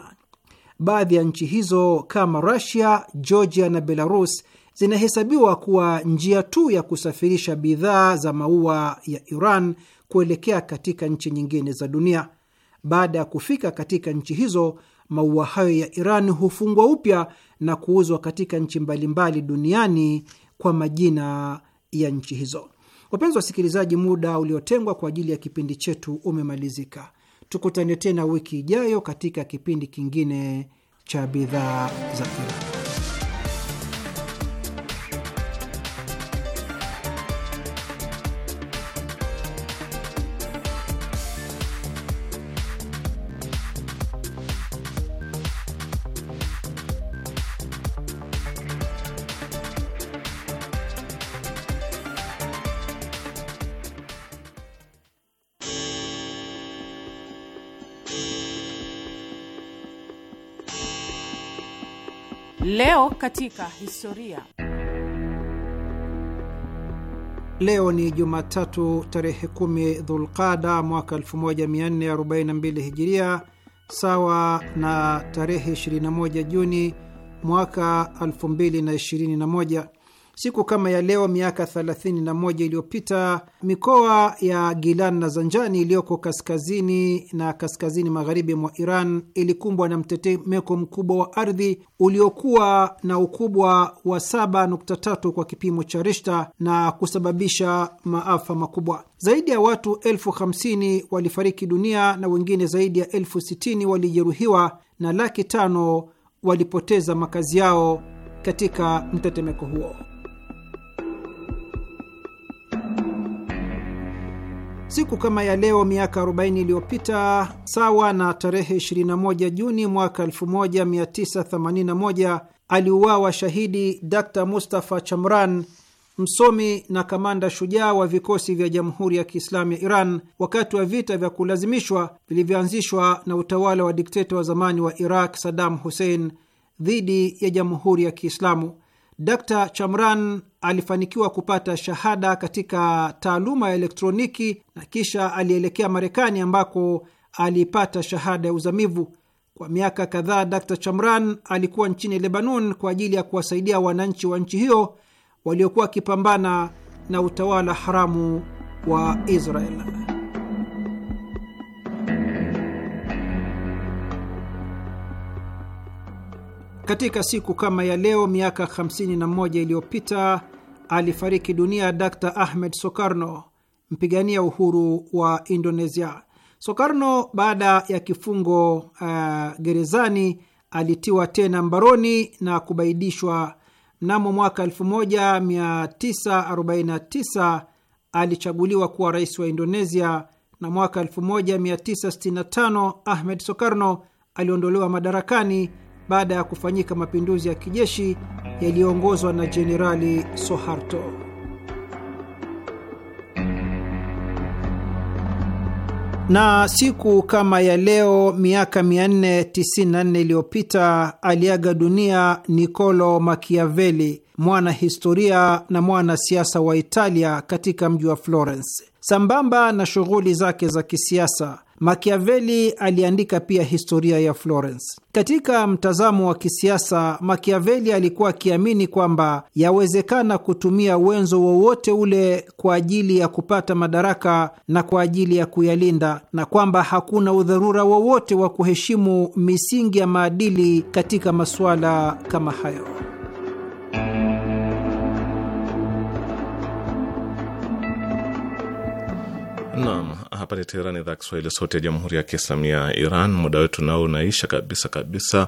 Baadhi ya nchi hizo kama Rusia, Georgia na Belarus zinahesabiwa kuwa njia tu ya kusafirisha bidhaa za maua ya Iran kuelekea katika nchi nyingine za dunia. Baada ya kufika katika nchi hizo, maua hayo ya Iran hufungwa upya na kuuzwa katika nchi mbalimbali duniani kwa majina ya nchi hizo. Wapenzi wasikilizaji, muda uliotengwa kwa ajili ya kipindi chetu umemalizika. Tukutane tena wiki ijayo katika kipindi kingine cha bidhaa za Iran. Leo katika historia. Leo ni Jumatatu tarehe 10 Dhulqada mwaka 1442 Hijiria, sawa na tarehe 21 Juni mwaka 2021. Siku kama ya leo miaka 31 iliyopita mikoa ya Gilan na Zanjani iliyoko kaskazini na kaskazini magharibi mwa Iran ilikumbwa na mtetemeko mkubwa wa ardhi uliokuwa na ukubwa wa 7.3 kwa kipimo cha Rishta na kusababisha maafa makubwa. Zaidi ya watu elfu hamsini walifariki dunia na wengine zaidi ya elfu sitini walijeruhiwa na laki tano walipoteza makazi yao katika mtetemeko huo. Siku kama ya leo miaka 40 iliyopita, sawa na tarehe 21 Juni mwaka 1981, aliuawa shahidi Dr Mustafa Chamran, msomi na kamanda shujaa wa vikosi vya Jamhuri ya Kiislamu ya Iran wakati wa vita vya kulazimishwa vilivyoanzishwa na utawala wa dikteta wa zamani wa Iraq Saddam Hussein dhidi ya Jamhuri ya Kiislamu Dr Chamran alifanikiwa kupata shahada katika taaluma ya elektroniki na kisha alielekea Marekani ambako aliipata shahada ya uzamivu. Kwa miaka kadhaa, Dr Chamran alikuwa nchini Lebanon kwa ajili ya kuwasaidia wananchi wa nchi hiyo waliokuwa wakipambana na utawala haramu wa Israel. Katika siku kama ya leo miaka 51 iliyopita alifariki dunia Dr Ahmed Sokarno, mpigania uhuru wa Indonesia. Sokarno baada ya kifungo uh, gerezani alitiwa tena mbaroni na kubaidishwa. Mnamo mwaka 1949 alichaguliwa kuwa rais wa Indonesia, na mwaka 1965 Ahmed Sokarno aliondolewa madarakani baada ya kufanyika mapinduzi ya kijeshi yaliyoongozwa na Jenerali Soharto. Na siku kama ya leo miaka 494 iliyopita aliaga dunia Niccolo Machiavelli, mwana historia na mwanasiasa wa Italia katika mji wa Florence. Sambamba na shughuli zake za kisiasa Machiavelli aliandika pia historia ya Florence. Katika mtazamo wa kisiasa, Machiavelli alikuwa akiamini kwamba yawezekana kutumia wenzo wowote ule kwa ajili ya kupata madaraka na kwa ajili ya kuyalinda, na kwamba hakuna udharura wowote wa kuheshimu misingi ya maadili katika masuala kama hayo. Naam, hapa ni Teheran, idhaa Kiswahili, sauti ya jamhuri ya kiislamu ya Iran. Muda wetu nao unaisha kabisa kabisa.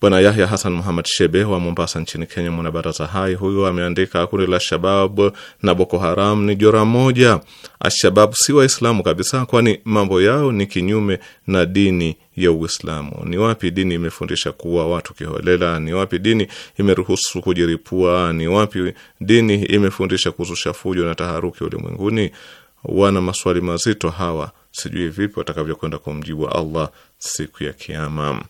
Bwana Yahya Hasan Muhamad Shebe wa Mombasa nchini Kenya, mwanabaraza hai huyu ameandika, kundi la Shabab na Boko Haram ni jora moja. ashabab si Waislamu kabisa, kwani mambo yao ni kinyume na dini ya Uislamu. Ni wapi dini imefundisha kuwa watu kiholela? Ni wapi dini imeruhusu kujiripua? Ni wapi dini imefundisha kuzusha fujo na taharuki ulimwenguni? wana maswali mazito hawa, sijui vipi watakavyokwenda kumjibu Allah siku ya kiama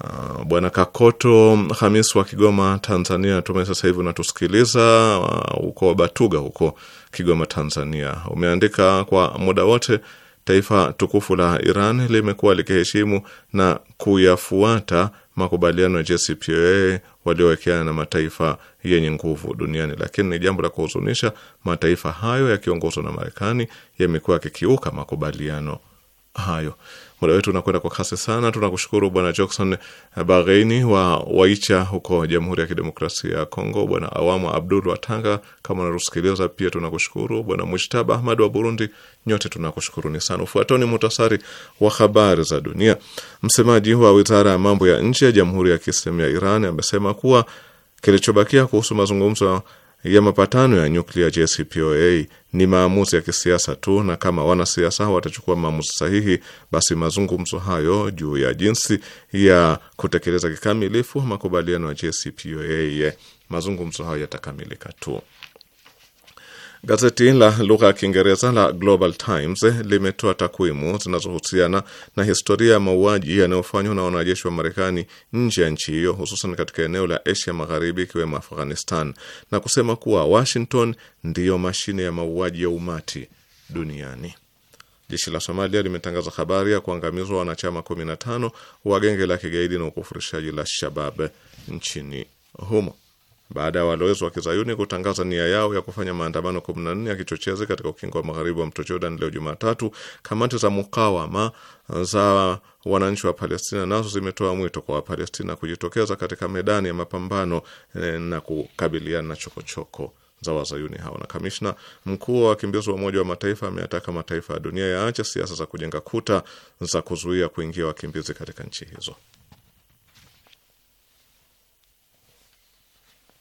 Uh, ah, Bwana Kakoto Hamis wa Kigoma, Tanzania, tume sasa hivi unatusikiliza huko ah, uh, Batuga huko Kigoma, Tanzania. Umeandika kwa muda wote taifa tukufu la Iran limekuwa likiheshimu na kuyafuata makubaliano ya JCPOA waliowekeana na mataifa yenye nguvu duniani, lakini ni jambo la kuhuzunisha, mataifa hayo yakiongozwa na Marekani yamekuwa yakikiuka makubaliano hayo. Muda wetu unakwenda kwa kasi sana. Tunakushukuru Bwana Jackson Bagheini wa Waicha huko Jamhuri ya Kidemokrasia ya Kongo, Bwana Awamu Abdul wa Tanga kama unatusikiliza pia tunakushukuru. Bwana Mujtaba Ahmad wa Burundi, nyote tunakushukuruni sana. Ufuatao ni muhtasari wa habari za dunia. Msemaji wa wizara ya mambo ya nje ya Jamhuri ya Kiislamu ya Iran amesema kuwa kilichobakia kuhusu mazungumzo ya mapatano ya nyuklia JCPOA ni maamuzi ya kisiasa tu, na kama wanasiasa watachukua maamuzi sahihi, basi mazungumzo hayo juu ya jinsi ya kutekeleza kikamilifu makubaliano ya JCPOA, mazungumzo hayo yatakamilika tu. Gazeti la lugha ya Kiingereza la Global Times eh, limetoa takwimu zinazohusiana na historia ya mauaji yanayofanywa na wanajeshi wa Marekani nje ya nchi hiyo, hususan katika eneo la Asia Magharibi, ikiwemo Afghanistan, na kusema kuwa Washington ndiyo mashine ya mauaji ya umati duniani. Jeshi la Somalia limetangaza habari ya kuangamizwa wanachama 15 wa genge la kigaidi na ukufurishaji la Shabab nchini humo baada ya walowezi wa kizayuni kutangaza nia yao ya kufanya maandamano 14 ya kichochezi katika ukingo wa magharibi wa mto Jordan leo Jumatatu, kamati za mukawama za wananchi wa Palestina nazo zimetoa mwito kwa Wapalestina kujitokeza katika medani ya mapambano eh, na kukabiliana na chokochoko za wazayuni hao. Na kamishna mkuu wa wakimbizi wa Umoja wa Mataifa ameyataka mataifa ya dunia yaache siasa za kujenga kuta za kuzuia kuingia wakimbizi katika nchi hizo.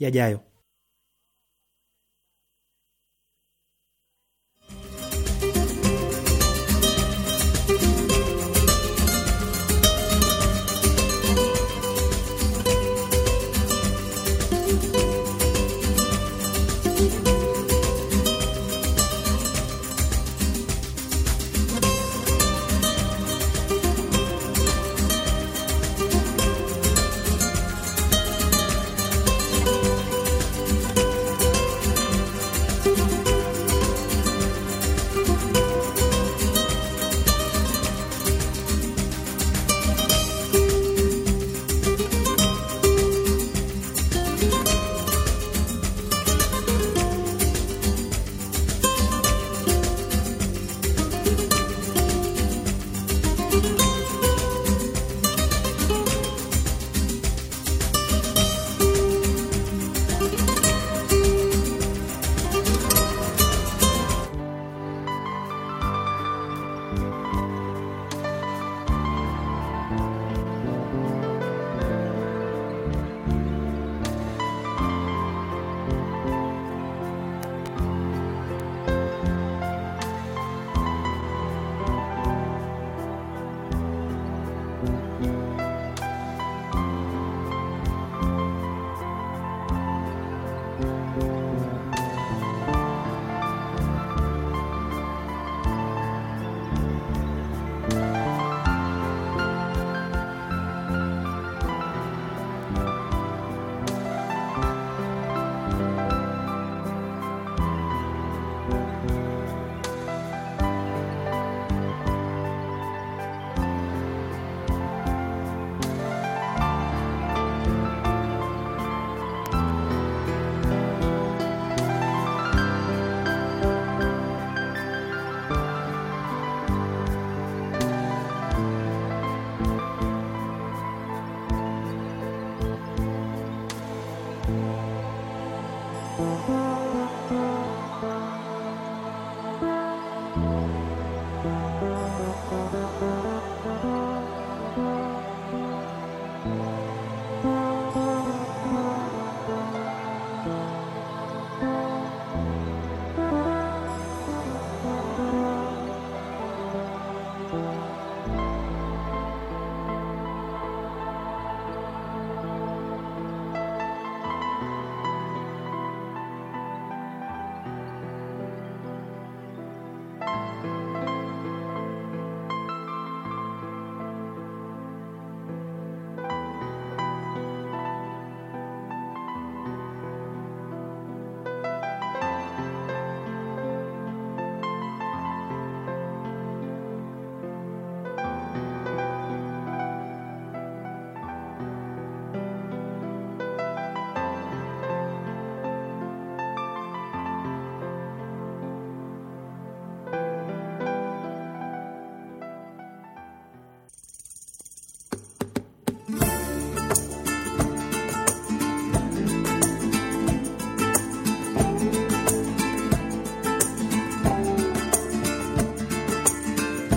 yajayo.